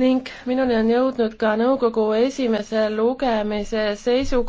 ning minuni on jõudnud ka nõukogu esimese lugemise seisukoht.